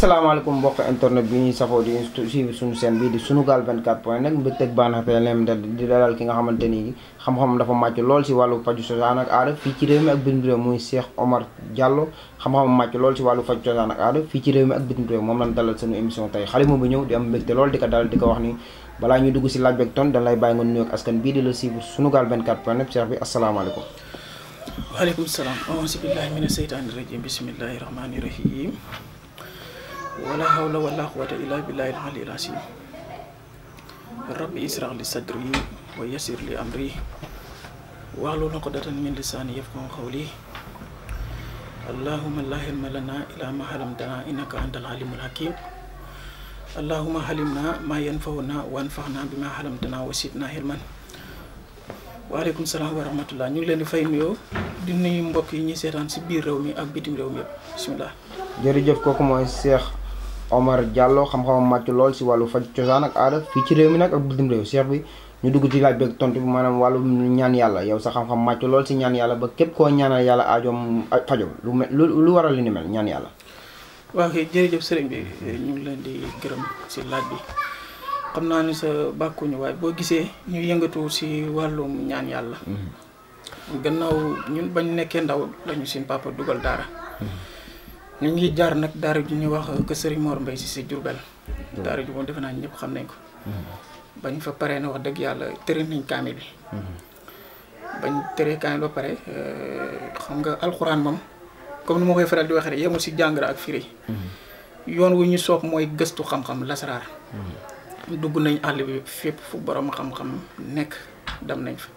salaamaaleykum mbokk internet bi ñuy safoo di suivre suñu chaîne bi di Sunugal 24 point net mbégteeg bànneex leen nga xamante ni xam-xam dafa màcc lool si wàllu faju cosaan ak fii ci réew mi ak bitim réew muy Cheikh Omar Diallo xam lool si wàllu faju cosaan ak fii ci réew mi ak bitim moom lañ dalal sunu émission tey xale moom bi ñëw di am mbégte di ko dalal di ko wax ni balaa ñuy dugg si laaj beeg di la suivre Sunugal 24 point net Cheikh bi asalaamaaleykum. waaleykum salaam. auzu billaahi mina seytaani rajiim bismillaahi rahmaani rahiim wala hawla wala quwwata illa billahi al-ali al-azim rabbi israh li sadri wa yassir li amri wahlul uqdatan min lisani yafqahu qawli allahumma la ilma lana illa ma allamtana innaka antal alimul hakim allahumma alimna ma yanfa'una wanfa'na bima allamtana wa zidna ilman waaleykum salaam wa rahmatullah ñu leen di fay nuyoo di nuyu mbokk yi ñu seetaan si biir réew mi ak bitim réew mi yëpp bisimilah. jërëjëf kooku mooy Cheikh Omar Diallo xam-xamam màcc lool si wàllu faj cosaan ak aada fii ci réew mi nag ak bitim ñu dugg ci laaj beeg tontu bi maanaam wàllu ñaan yàlla yow sa xam-xam lool si ñaan yàlla ba képp koo ñaanal yàlla aajoom fajoom lu mel lu waral li ni mel ñaan yàlla. waaw kay jërëjëf sëriñ bi ñu ngi leen bi xam naa ni sa bàkkuñu waaye boo gisee ñu yëngatu si wàllum ñaan yàlla. Mm-hmm. gannaaw ñu bañ nekkee ndaw lañu suñ papa dugal daara. Mm-hmm. ñu ngi jaar nag daara ju ñu wax kër moor mbay Mbaye si si Diourbel hmm. daara ju moom defe naa ñëpp xam nañ ko hmm. bañ fa paree na wax dëgg yàlla tëre nañ kaamil bi hmm. bañ tëree kaamil ba pare euh, xam nga alxuraan moom comme ni ma koy faral di waxee rek yemul si jàngara ak firi yoon wu ñu soog mooy gëstu xam-xam lasaraar dugg nañ àll bi fépp fu borom xam-xam nekk dem nañ fa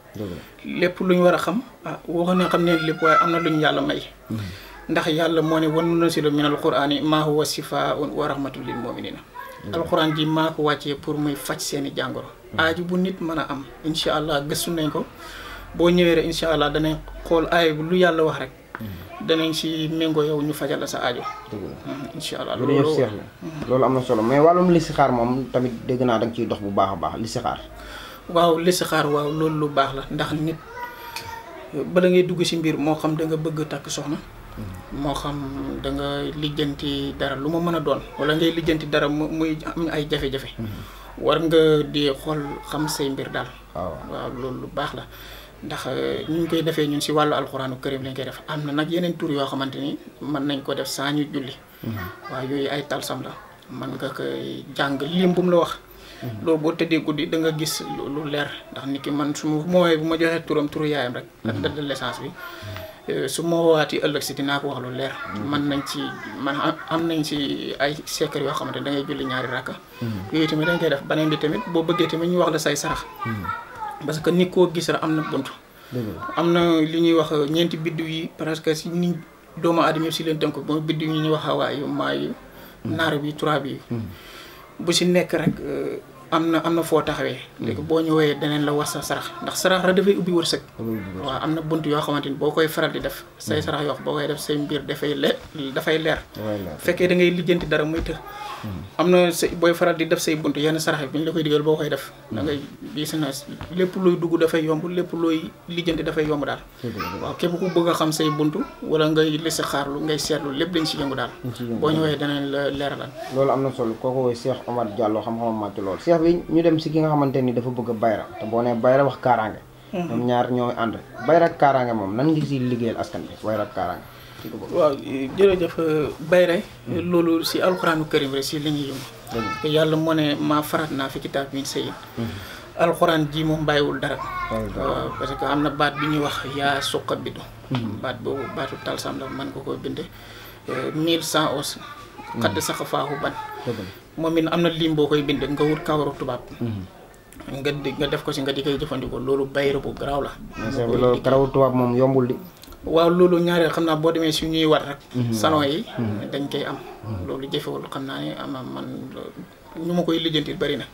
lépp lu ñu war a xam ah waxoon ne xam ne lépp waaye am na lu ñu yàlla may ndax yàlla moo ne wan nunasilu min alqurani maa huwa sifaun wa rahmatul lil muminina mm. alquran ji maa ko wàccee pour muy faj seeni jàngoro mm. aaju bu nit mën a am incha allah gëstu nañ ko boo ñëwee rek incha allah danañ xool aay lu yàlla wax rek mm. danañ si méngoo yow ñu fajal la sa aajo incha allah loolu seex loolu am na solo mais wàllum listixaar moom tamit dégg naa danga ciy dox bu baax a baax listixaar waaw listixaar waaw loolu lu baax la ndax nit bala ngay dugg si mbir moo xam da nga bëgg takk soxna moo xam da nga lijjanti dara lu ma mën a doon wala ngay lijjanti dara muy am ay jafe-jafe mm-hmm. war nga di xool xam say mbir daal waaw loolu lu baax la ndax euh, ñu ngi koy defee ñun si wàllu alxuraanu karim lañ koy def am na nag yeneen tur yoo xamante ni mën nañ koo def saa ñu julli mm-hmm. waaw yooyu ay talsam la mën nga koy jàng lim bu la wax mm-hmm. loolu boo tëddee guddi da nga gis lu leer ndax nit ki man su ma mooy bu ma joxee turam turu yaayam rek ak date de naissance bi su ma woowaatee ëllëg si dinaa ko wax lu leer. man nañ ci man am nañ si ay secret yoo xamante da ngay julli ñaari rakka. Mm-hmm. yooyu tamit dañ koy def beneen bi tamit boo bëggee tamit ñu wax la say sarax. Mm-hmm. parce que ni koo gis rek am na bunt. am na li ñuy wax ñeenti biddiw yi presque si ni doomu aadama yëpp si leen tënk mooy biddiw yi ñu wax awaayu maayu. Mm-hmm. naar bi trois bi. bu si nekk rek. am na am na foo taxawee. léegi mm. boo ñëwee daneen la wax sa sarax ndax sarax la dafay ubbi wërsëg. waa am na bunt yoo xamante ni boo koy faral di def. Mm. say sarax yoo boo koy def say mbir dafay le dafay leer. fekkee dangay ngay lijjanti dara muy të. am na sa booy faral di def say bunt yenn sarax bi ñu la koy digal boo koy def. da ngay gis lépp looy dugg dafay yomb lépp looy lijjanti dafay yomb daal. képp ku bëgg a xam say bunt wala ngay lese xaarlu ngay seetlu lépp dañ si yëngu daal. boo ñëwee danañ la leeralal. loolu am na solo kooku woy Cheikh Omar Diallo xam-xamam màcc loolu. Cheikh bi ñu dem si ki nga xamante ni dafa bëgg a bayra te boo nee bayra wax kaaraange. Mhm. ñoom ñaar ñoo ànd bayra ak kaaraange moom nan nga siy liggéeyal askan bi bayra ak kaaraange ci ko bëgg. waaw jërëjëf euh, Bayre. Euh, hmm. loolu si alxuraanu karim rek si la ñuy yëngu. yàlla moo ne maa farat naa fi kitaab min sayin. Hmm. alxuraan jii moom bàyyiwul dara. parce que am na baat bi ñuy wax yaa suqa bidu. Hmm. baat boobu baatu talsam la man ko koo bindee euh, mille cent os. xadd sax faaxu ban. moom it am na lim boo koy bindee nga wut kawaru tubaab. nga di nga def ko si nga di koy jëfandikoo loolu bayre bu garaaw la. loolu karawu tubaab moom yombul di. waaw loolu ñaareel xam naa boo demee su ñuy war rek. Mhm. salon yi. Mhm. dañ koy am. Mhm. loolu jëfewul xam naa ne ama man ñu ma koy lijjanti bëri na.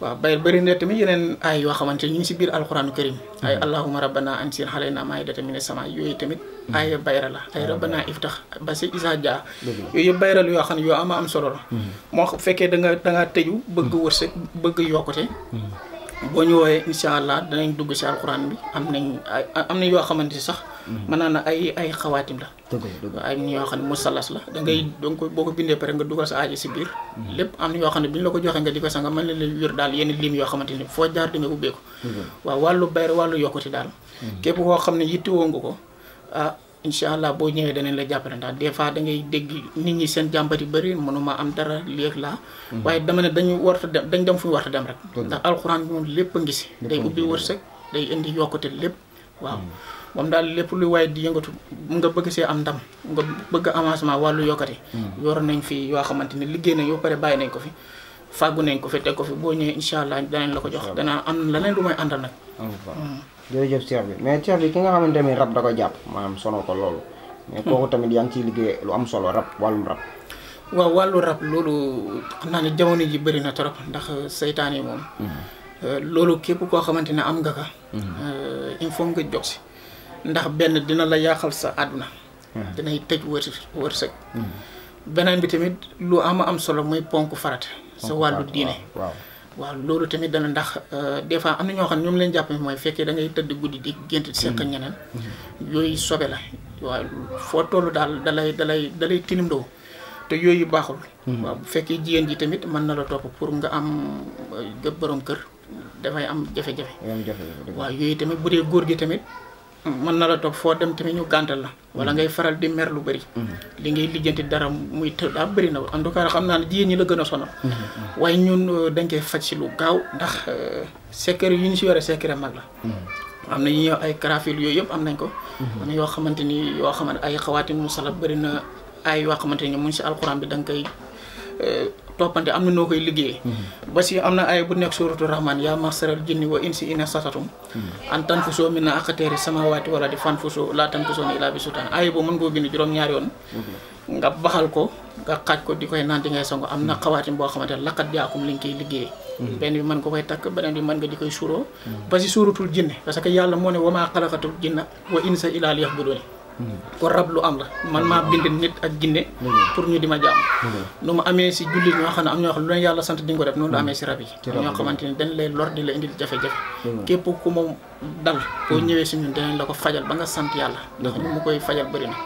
waaw bay bëri na tamit yeneen ay yoo xamante ñu ngi si biir alxuraanu karim ay allahuma rabbana ansil xaleyna maidatan mina sama yooyu tamit. ay bayra la ay ah, rabbana iftax ba si isa dia yooyu yëpp bayra la yoo xam ne yoo am am solo la. moo fekkee da nga da ngaa tëju bëgg wërsëg bëgg yokkute. boo ñu wooyee incha allah danañ dugg si alxuraan bi am nañ ay am na yoo xamante si sax. Mm-hmm. mën naa ne ay ay xawaatim la. ay yoo xam ne musalas la da ngay mm-hmm. donc boo ko bindee pare nga dugal sa aaji si biir. Mm-hmm. lépp am na yoo xam ne bi ñu la ko joxee nga di ko sax nga mën leen a wér daal yenn lim yoo xamante ni foo jaar di nga ubbeeku. waaw wàllu bayre wàllu yokkute daal. képp koo xam ne yittewoo nga ko ah. incha allah boo ñëwee danañ la jàppale ndax des fois da dégg nit ñi seen jàmbat yu bëri mënuma am dara léeg laa mm-hmm. waaye dama ne dañu warta dem dañ dem fu ñu warta dem rek ndax alxuraan bi moom lépp a ngi si day ubbi wërsëg day indi yokkute lépp waaw mm-hmm. moom daal lépp lu waaye di yëngatu nga bëgg see am ndam nga bëgg avancement wàllu yokkate mm-hmm. yor nañ fi yoo xamante ne liggéey nañ ba pare bàyyi nañ ko fi fàggu nañ ko fi teg ko fi boo ñëwee incha allah danañ la ko jox danaa am leneen lu may àndal nag. Hmm. jërëjëf Cheikh bi mais Cheikh bi ki nga xamante ni rab da jàpp maanaam sonoo ko loolu. mais hmm. kooku tamit yaa ngi ciy liggéey lu am solo rab wàllum rab. waaw wàllu rab loolu xam naa ne jamono ji bëri na trop ndax seytaan yi moom. Hmm. Euh, loolu képp koo xamante ne am nga ka. Euh, il faut nga jóg si. ndax benn dina la yàqal sa àdduna. dinay tëj wërsëg wërsëg. beneen bi tamit lu am am solo muy ponk farat sa wàllu diine waaw waaw loolu tamit dana ndax euh, des fois am na ñoo xam ne ñoom leen jàpp mooy fekkee da ngay tëdd guddi di gént seq mm-hmm. ñeneen mm-hmm. yooyu sobe la waaw foo toll daal dalay dalay dalay tilimdoo te yooyu baaxul mm-hmm. waaw bu fekkee jigéen ji tamit mën na la topp pour nga am euh, boroom kër dafay am jafe-jafe waaw yooyu tamit bu dee góor gi tamit mën na la toog foo dem tamit ñu gàntal la wala ngay faral di mer lu bëri mm-hmm. li ngay lijjanti dara muy të daa bëri na en tout cas naa ne jigéen ñi la gën a sonal mm-hmm. waaye ñun euh, dañ koy faj si lu gaaw ndax euh, secret yu ñu si yore secret mag la mm-hmm. am na ñu ay carafil yooyu yëpp am nañ ko am na yoo xamante ni yoo xamante ay xawaatin musalab bëri na ay yoo xamante ni mu ngi si alxuraan bi da nga koy euh, toppante am na noo koy liggéeyee. Mm-hmm. ba si am na ay bu nekk suuratu rahmaan yaa masaral jinni wa insi ina sasatum. Mm-hmm. an tan fu soo min na aqateeri samawaati wala di fan fu soo laa tan fu soo ko nga xaaj ko di koy naan di mm-hmm. ne laqat jaakum liñ koy nga di koy suuroo. ba si suuratul jinne parce que yàlla moo ne wa maa xalaqatul jinna ko rab lu am la man maa bind nit ak jinne pour ñu di ma jaam nu ma amee si jullit ñoo xam ne am ñoo xam ne yàlla sant di nga ko def amee si rab yi ñoo xamante ni dañ lay lor di la indil jafe-jafe mm. képp ku ma dal koo mm. ñëwee si ñun dinañ la ko fajal ba nga sant yàlla ndax ñu mm. mu koy fajal bëri na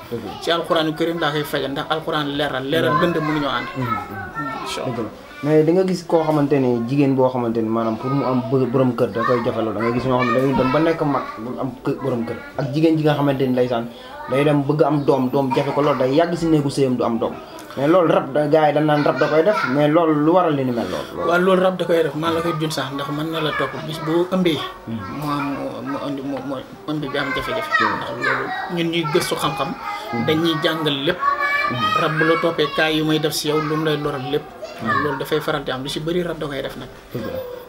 si alxuraan yu kërim laa koy fajal ndax alxuraan leeral leeral lënd mënuñoo ànd mais danga gis koo xamante ne jigéen boo xamante ne maanaam pour mu am borom kër da koy jafeloo da gis ñoo xam ne dañuy dem am borom kër ak jigéen ji nga xamante ni ndeysaan day dem bëgg am doom doom jafe ko loolu day yàgg si néegu sëyam du am doom mais loolu rab da gars yi dañ naan rab def mais loolu lu waral li ni mel loolu waaw loolu rab da koy koy jun sax ndax mën na la topp bis bu ëmbee moo hmm. am mu indi mu mu ëmbi bi am jafe-jafe hmm. loolu ñun ñuy gëstu xam-xam hmm. dañuy jàngal lépp rab bu la toppee kaay yu may def si yow lu mu lay loral lépp loolu dafay faral di am lu si bëri rab da koy def nag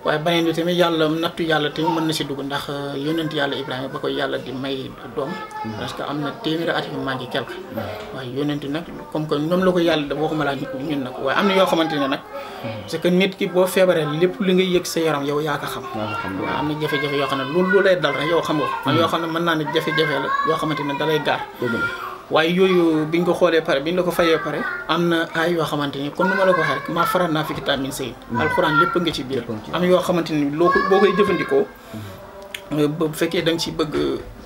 waaye beneen bi tamit yàlla nattu yàlla tamit mën na si dugg ndax euh, yónnent yàlla Ibrahima ba koy yàlla di may doom hmm. parce que am na téeméeri at yu manqué quelque hmm. waaye yónnent nag comme que ñoom la ko yàlla da waxuma laa ñun nag waaye am na yoo xamante ne nag parce hmm. nit ki boo feebaree lépp li nga yëg sa yaram yow yaa ko xam waaw am na jafe-jafe yoo xam ne loolu lu lay dal yow xam nga man yoo xam ne mën naa ne jafe-jafe la yoo xamante ne dalay gaar waaye yooyu bi ñu ko xoolee pare biñ la ko fayee pare am na ay yoo xamante ni kon nu ma la ko waxee rek maa faral naa fi kitaab min sayin mm. alxuraan lépp nga ci biir am yoo xamante ni loo ko boo koy jëfandikoo mm. Euh, bu fekkee da nga ci bëgg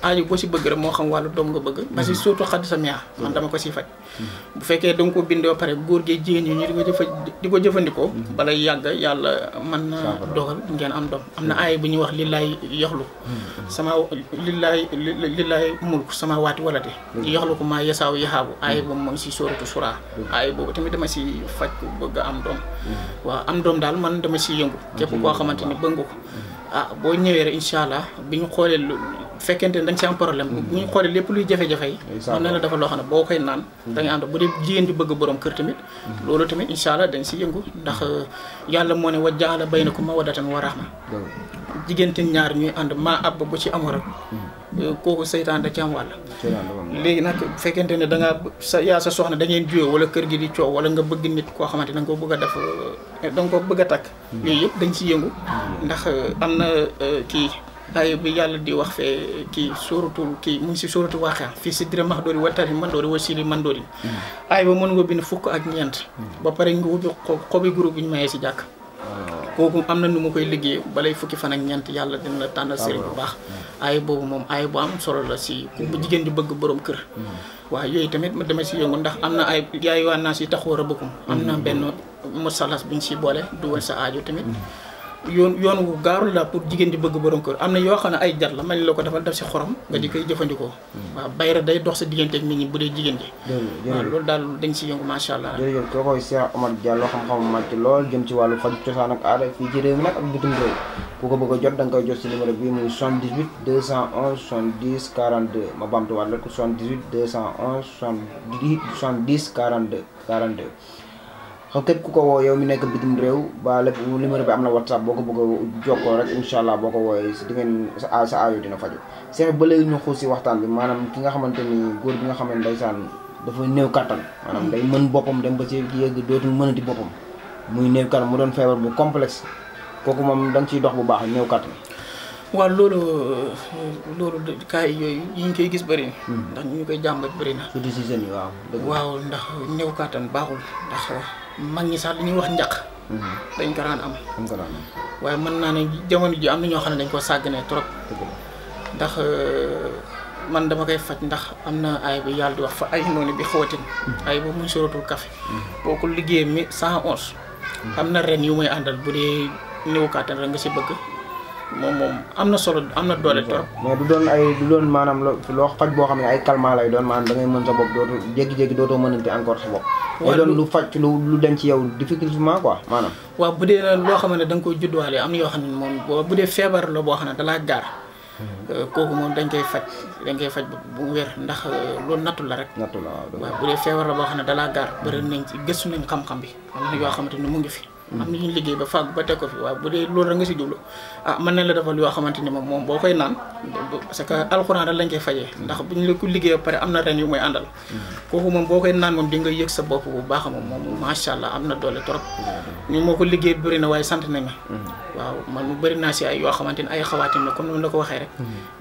aajo ah, boo ci bëgg rek moo xam wàllu doom nga bëgg. parce que mhm. surtout xadd sa miyaa man dama ko ciy faj. Mhm. bu fekkee da nga ko bindoo pare góor gee jigéen ñi ñu di di ko jëfandikoo. Mhm. bala yàgg yàlla mën na dogal ngeen am doom. am na aay bu ñuy wax lillaay yaxlu. sama lillaay lillaay mulk sama waati wala de. yaxlu ko maa yasaaw yaxaabu. aay boobu moom ci sóoratu suraa. aay boobu tamit dama ci faj ku am doom. waaw am doom daal man dama ciy yëngu. képp koo xamante ni bëgg ko. ah boo ñëwee rek incha allah bi ñu xoolee lu fekkente ne da nga si problème. Hmm. bu ñu xoolee lépp luy jafe-jafe yi. mën na dafa loo xam ne boo koy naan. da ànd bu dee jigéen ju bëgg borom kër tamit. Hmm. loolu tamit incha allah dañ si yëngu ndax hmm. yàlla moo ne wa jaala baynakum mawaddatan wa rahma. jigéen ñaar ñuy ànd maa ab bu ci amoo rek. Euh, kooku seytaan da ci am wàll léegi nag fekkente ne danga ngaa sa yaa sa soxna da ngeen juyoo wala kër gi di coow wala nga bëgg nit koo xamante da nga ko bëgg a def euh, bëgg a takk hmm. yooyu yëpp dañ ci yëngu hmm. ndax euh, am na kii aaya bi yàlla di wax fee kii sóoratul kii mu ngi si sóoratu waaxea fii si dira max doori wa tari mandoori wa hmm. sili mandoori aay ba mën nga bind fukk ak ñeent ba pare nga ubbi xobi groupe bi mayee si jàkk kooku am na nu ma koy liggéey balay fukki fan ak ñeent yàlla dina la tànnal sëriñ bu ah, baax ah. aay boobu moom aay bu am solo la si ku jigéen di bëgg borom kër hmm. waa yooyu tamit ma dama si yëngu ndax am na ay yaay waa naa si a rëbëkum am na hmm. benn musalas bu ñu si boole duwal sa aajo tamit hmm. yoon yoon wu gaarul la pour jigéen di bëgg borom kër am na yoo xam ne ay jar la mañ la ko defal def si xorom nga di koy jëfandikoo. Hmm. waaw bayra day dox sa digganteeg nit ñi bu dee jigéen ji. waaw loolu daal dañ si yëngu macha allah. jërëjëf koo koy Cheikh Omar Diallo xam-xam màcc lool jëm ci wàllu faj cosaan ak aada fii ci nag ak bitim réew ku ko bëgg a jot da nga koy jot si numéro bii muy 78 211 70 42 ma bamtuwaat la ko 78 211 70 42 42. xaw képp ko woo yow mi nekk bitim réew ba lépp numéro bi am na whatsapp boo ko bëgg a jokkoo rek incha allah boo ko wooyee si di ngeen sa sa aajo dina faju seet ba léegi ñu xuus si waxtaan bi maanaam ki nga xamante ni góor bi nga xam ne ndeysaan dafa néew kattan maanaam day mën boppam dem ba si yëgg dootul mënati boppam muy néew kattan mu doon feebar bu complexe kooku moom dañ ciy dox bu baax néew kattan waa loolu loolu kaay yooyu yi ñu koy gis bëri na hmm. ndax ñu koy jàmbat bëri na surtout si jeunes yi waaw waaw ndax néew kattan baaxul mag ñi sax ñuy wax njaq mm-hmm. dañ ko daan am waaye mën naa ne jamono ji am na ñoo xam ne dañ ko sàggane trop ndax euh, man dama koy faj ndax am na ay bi yàlla di wax fa ay noonu bi xawatin mm-hmm. ay boobu muy suratul kafe mm-hmm. boo ko liggéey mi cent onze am na ren yu muy àndal bu dee néew kàttan rek nga si bëgg moom moom am na solo am na doole trop. moo du doon ay du doon maanaam loo faj boo xam ne ay calmants lay doon maanaam da ngay mën sa bopp dootoo jékki-jékki dootoo mënante encore sa bopp. waaw doon lu faj lu lu dem ci yow difficilement quoi maanaam. waaw bu dee loo xam ne da koy judduwaale am yoo xam ne moom boo bu dee feebar la boo xam ne dalaa gaar. Hmm. Euh, kooku moom dañ koy faj dañ koy faj bu wér ndax euh, loolu nattu la rek. nattu la waaw bu dee feebar la boo xam ne dalaa gaar bëri nañ ci gëstu nañ xam-xam bi am na yoo xamante ni mu ngi fi. am na ñu liggéey ba fàgg ba teg ko fi waaye bu dee loolu rek nga ah yoo xamante ni moom moom boo koy que alxuraan rek lañ koy fajee ndax bu ñu la ko liggéey ba am na ren yu muy àndal kooku moom boo koy naan moom nga yëg sa bopp bu baax moom moom macha allah am na doole trop moo ko liggéey bëri na waaye sant nañu waaw man mu bëri naa si ay yoo xamante ni ay xawaatim la kon noonu la ko waxee rek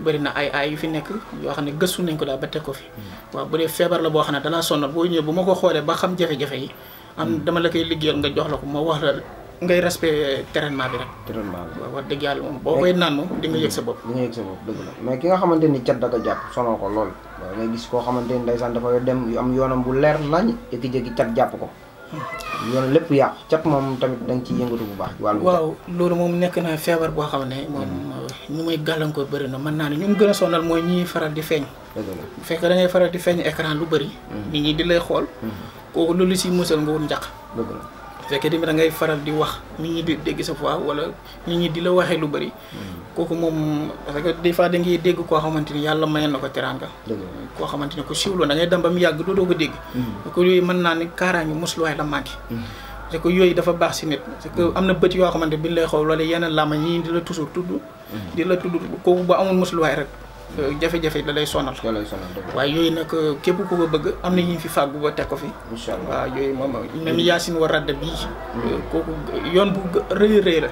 bëri na ay ay yu fi nekk yoo xam ne gëstu nañ ko daal ba teg ko fi waaw bu dee feebar la boo xam ne dalaa sonal boo ñëwee bu ma ko xoolee ba xam jafe-jafe yi am hmm. dama la koy liggéeyal nga jox la ko ma wax la ngay respect traitement bi rek. traitement bi wax dëgg yàlla moom boo koy naan moom di yëg sa bopp. di nga yëg sa bopp dëgg la mais ki nga xamante ni cat da ko jàpp sonal ko lool. waaw gis koo xamante ni ndeysaan dafa dem yu am yoonam bu leer nañ jékki-jékki cat jàpp ko. yoon lépp yàqu cat moom tamit dañ ci yëngatu bu baax. wàllu waaw loolu moom nekk na feebar boo xam ne moom ñu mm-hmm. may gàllankoor bëri na mën naa ne ñu mu gën a sonal mooy ñiy faral di feeñ. bu fekkee da ngay faral di feeñ écran lu bari mm-hmm. nit ñi di lay xool. Mm-hmm. kooku loolu si musal nga wut njaq. bu fekkee da ngay faral di wax nit ñi di dégg sa voix wala nit ñi di la waxee lu bëri. kooku moom parce que des fois ngay dégg koo xamante ni yàlla mayoon na ko teraanga. koo xamante ni ku siiwloo da ngay dem ba mu yàgg dootoo ko dégg. Mm. ko yooyu mën naa ne kaaraange musluwaay la manqué. Mm. parce que yooyu dafa baax si nit. parce que mm. am na bët yoo xamante bi lay xool wala yenn làmmiñ yi di la toujours tudd. di la tudd kooku ba amul musluwaay rek. jafe-jafe da lay sonal. da waaye yooyu nag euh, képp ku ko bëgg na ñu fi fàggu ba teg ko fi. incha allah waaw yooyu moom même mm. Yacine war radda bii. Mm. kooku yoon bu rëy rëy la.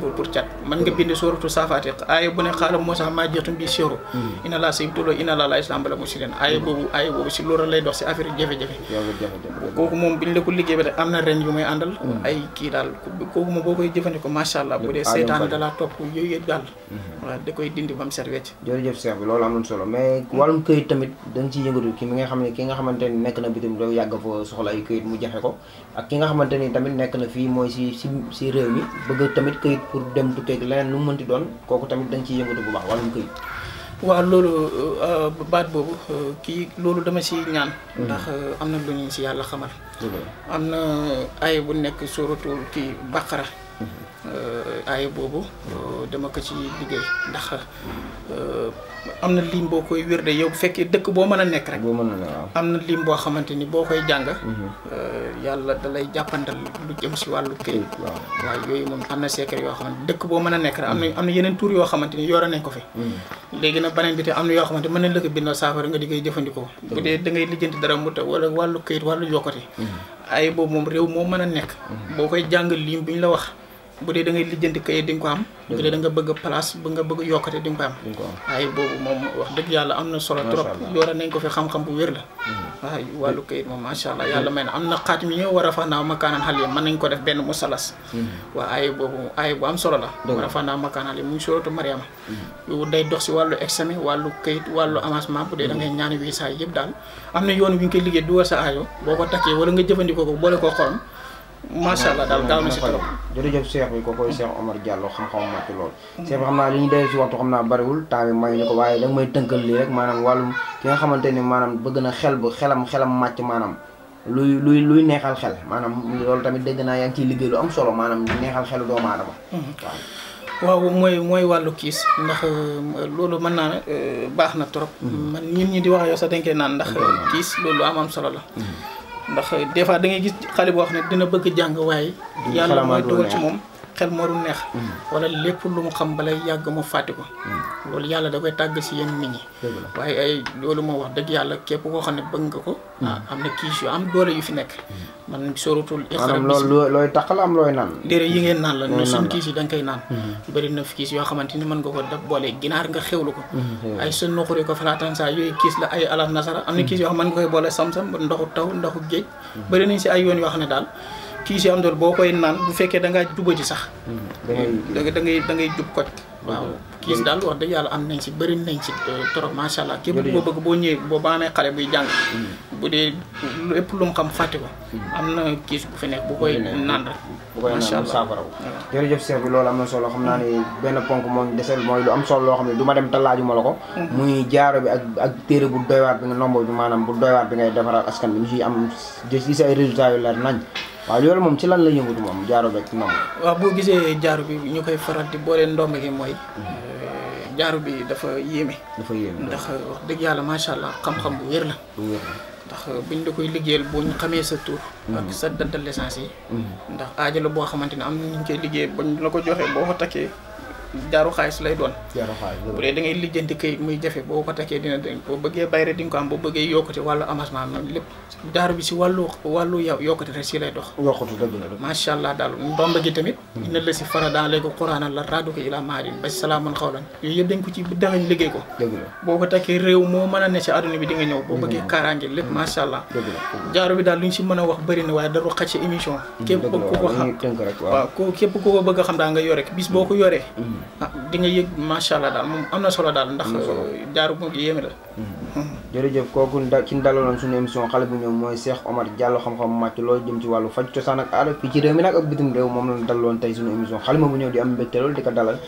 pour pour cat nga bind sooratu saafaati aaye bu ne sax maa jotum bi sóoru. Mm. inna laa sayibtuloo inna laa islam bala muslimin aaye boobu aaye boobu am na ren yu may àndal. ay kii daal kooku moom boo koy jëfandikoo macha allah bu dee seytaan da laa topp yooyu daal. da koy dindi ba mu set wecc jërëjëf Cheikh bi loolu am na solo mais wàllum këyit tamit dañ nga ciy yëngatu ki mi nga xam ne ki nga xamante ni nekk na bitim doo yàgg fa soxla ay këyit mu jafe ko ak ki nga xamante ni tamit nekk na fii mooy si si si réew mi bëgg tamit këyit pour dem du teeg leneen lu mu mënti doon kooku tamit da nga ciy yëngatu bu baax wàllum këyit waaw loolu euh, baat boobu euh, kii loolu dama si ñaan hmm. ndax euh, am na lu ñu si yàlla xamal am na ay bu nekk suratul ki baqara Euh, aaya boobu euh, dama ko ci liggéey ndax euh, am na lim boo koy wér de yow bu fekkee dëkk boo mën a nekk rek. boo mën a ne waaw am na lim boo xamante ni boo koy jàng. Mhm. yàlla da lay jàppandal lu jëm si wàllu këyit. waaw waaw yooyu moom am na secret yoo xamante dëkk boo mën a nekk am na mhm. am na yeneen tur yoo xamante ni yore nañ ko fi. Mhm. léegi na beneen bi te am na yoo xamante mën nañ la bi na saafara nga di koy jëfandikoo. bu dee da ngay lijjanti dara mu ta wala wàllu këyit wàllu yokkati. ay boobu moom réew moo mën a nekk. boo koy jàng lim bi la wax. bu dee da ngay lijjanti kayit di nga ko am. bu dee da nga bëgg place bu nga bëgg yokkate di nga ko am. di ko am waaye boobu moom wax dëgg yàlla am na solo trop. yoora nañ ko fi xam bu wér la. Mm-hmm. waaye wàllu kayit moom macha allah yàlla may na am na xaaj mi ñëw war a fanaaw makkaanal xal yi mën nañ ko def benn musalas. Mm-hmm. waaw ay boobu ay bu am solo la. war a fanaaw makkaanal yi mu ngi suratu Mariama. Mm-hmm. yu dox si wàllu examen wàllu kayit wàllu avancement bu dee da ngay ñaani visa yëpp daal am na yoon wi ñu koy liggéey du war sa aajo boo ko takkee wala nga jëfandikoo ko boole ko xorom macha allah daal gaaw na si trop jërëjëf Cheikh bi ko koy Cheikh Omar Diallo xam-xam màcc lool Cheikh bi xam naa li ñu dee si waxtu xam naa bariwul temps bi may ñu ko waaye danga may tënkal lii rek maanaam wàllum ki na xel bu xelam xelam màcc maanaam maanaam loolu tamit dégg naa yaa ngi ciy liggéey lu am solo maanaam neexal xelu doomu aadama mhm. waaw waaw mooy mooy wàllu kiis ndax euh, loolu mën naa ne euh, baax na trop mhm. man ñun ñi di wax yow sa dañ koy naan ndax kiis loolu am am solo la mhm. ndax des fois da ngay gis xale boo xam ne dina bëgg jàng waaye. yàlla mooy dugal ci moom. xel moo dul neex. Mm. wala lépp lu mu xam balay yàgg mu fàtte ko. Mm. loolu yàlla da koy tàgg si yenn nit ñi. waaye ay loolu moo wax dëgg yàlla képp koo xam ne bëgg nga ko. Mm. Ah am na kiis yu am doole yu fi nekk. man sóoratul iqra bi loolu looy tax la am looy naan. yi ngeen naan la ne suñu kiis da koy naan. bëri na fi kiis yoo xamante ni mën nga ko def boole ginaar nga xewlu ko. ay sa nuquri ko falaatan saa yooyu kiis la ay alal nasara am na kiis yoo xam mën nga koy boole sam-sam ndoxu taw ndoxu géej bëri si ay yoon yoo xam ne daal tiisi amdol boo koy naan bu fekkee da ngaa jubati sax hmm, da dangay hmm. da ngay jub koj waaw hmm. kiis daal wax dëgg yàlla am nañ si bëri nañ si euh, trop macha allah képp boo bëgg boo ñëwee boo baamee xale buy jàng bu dee lépp lu mu xam fàtte ko am na kiis bu fi nekk bu koy naan rek bu koy naan saafara jërëjëf Cheikh bi loolu am na solo xam naa ne benn ponk moom desel mooy lu am solo loo xam ne du ma dem te laaju ma la ko muy jaaro bi ak ak téere bu doywaat bi nga nombo bi maanaam bu doywaat bi ngay defaral askan bi ñu siy am jël si ay résultats yu leer nañ waaw loolu moom ci lan la yëngu moom jaaro beeg moom. waaw boo gisee jaaro bi ñu koy faral di boole ndomb gi mooy. Mm-hmm. jaaro bi dafa yéeme. dafa yéeme ndax wax dëgg yàlla macha allah xam-xam bu wér la. ndax bu wér da koy liggéeyal boo ñu xamee sa tur. Mm-hmm. ak sa date de yi. Mm-hmm. ndax aajo la boo xamante ne am na ñu koy liggéey bañ la ko joxee boo ko takkee. jaaru xaalis lay doon bu dee da ngay lijjanti këyit muy jafe boo ko takkee dina dem boo bëggee di nga ko am boo bëggee yokkute wàllu avancement même lépp jaaru bi si wàllu wàllu yow yokkute rek si dox macha allah daal ndomb gi tamit dina hmm. la si fara daan léegi quraan la raadu ko ila maadin ba si salaaman xawlan yooyu yëpp ko boo ko takkee réew moo mën a ne bi di nga ñëw boo bëggee kaaraange lépp hmm. macha allah lu ñu si mën a wax bëri na waaye daru xaj si émission hmm, képp ku ko xam waaw képp ko ko bëgg a xam daa nga yore bis boo ko yoree ah di nga yëg macha allah daal moom am na solo daal ndax. jaaru euh, bu yéeme la. Mm-hmm. jërëjëf kooku da ci dalaloon suñu émission xale bu ñëw mooy Cheikh Omar Diallo xam-xam màcc loolu jëm ci wàllu faj cosaan ak aada fii ci réew mi nag ak bitim réew moom lañ dalaloon tey suñu émission xale bu ñëw di am mbégte di ko dalal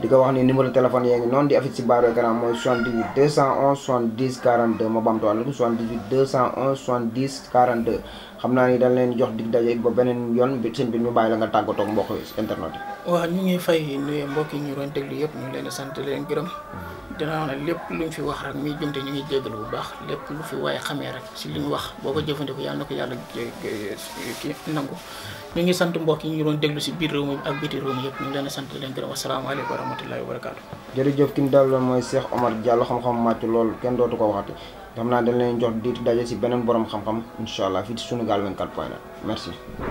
di ko wax ni numéro téléphone yaa ngi noonu di affiche ci baaru écran mooy 78 211 70 42 ma bamtuwaat la ko 78 211 70 42 xam naa ni dañ leen jox dig daje ba beneen yoon bi seen bi ñu bàyyi la nga tàggatoo ak mbokk waaw ñu ngi fay nuyu mbokk yi ñu doon déglu yëpp ñu leen sant leen gërëm dina wax ne lépp luñ fi wax rek muy jumte ñu ngi jégalu bu baax lépp lu fi waaye xamee rek si li ñu wax boo ko jëfandiko yàlla na ko yàlla kii nangu ñu ngi sant mbokk yi ñu doon déglu si biir réew mi ak biti réew mi yëpp ñu ngi leen di sant leen gërëm asalaamaaleykum wa rahmatullahi wa barakaatu jërëjëf ki ñu daal mooy Cheikh Omar Diallo xam-xam màcc loolu kenn dootu ko waxati xam naa dañ leen jox diitu si beneen borom xam-xam incha allah fii ci Sunugal 24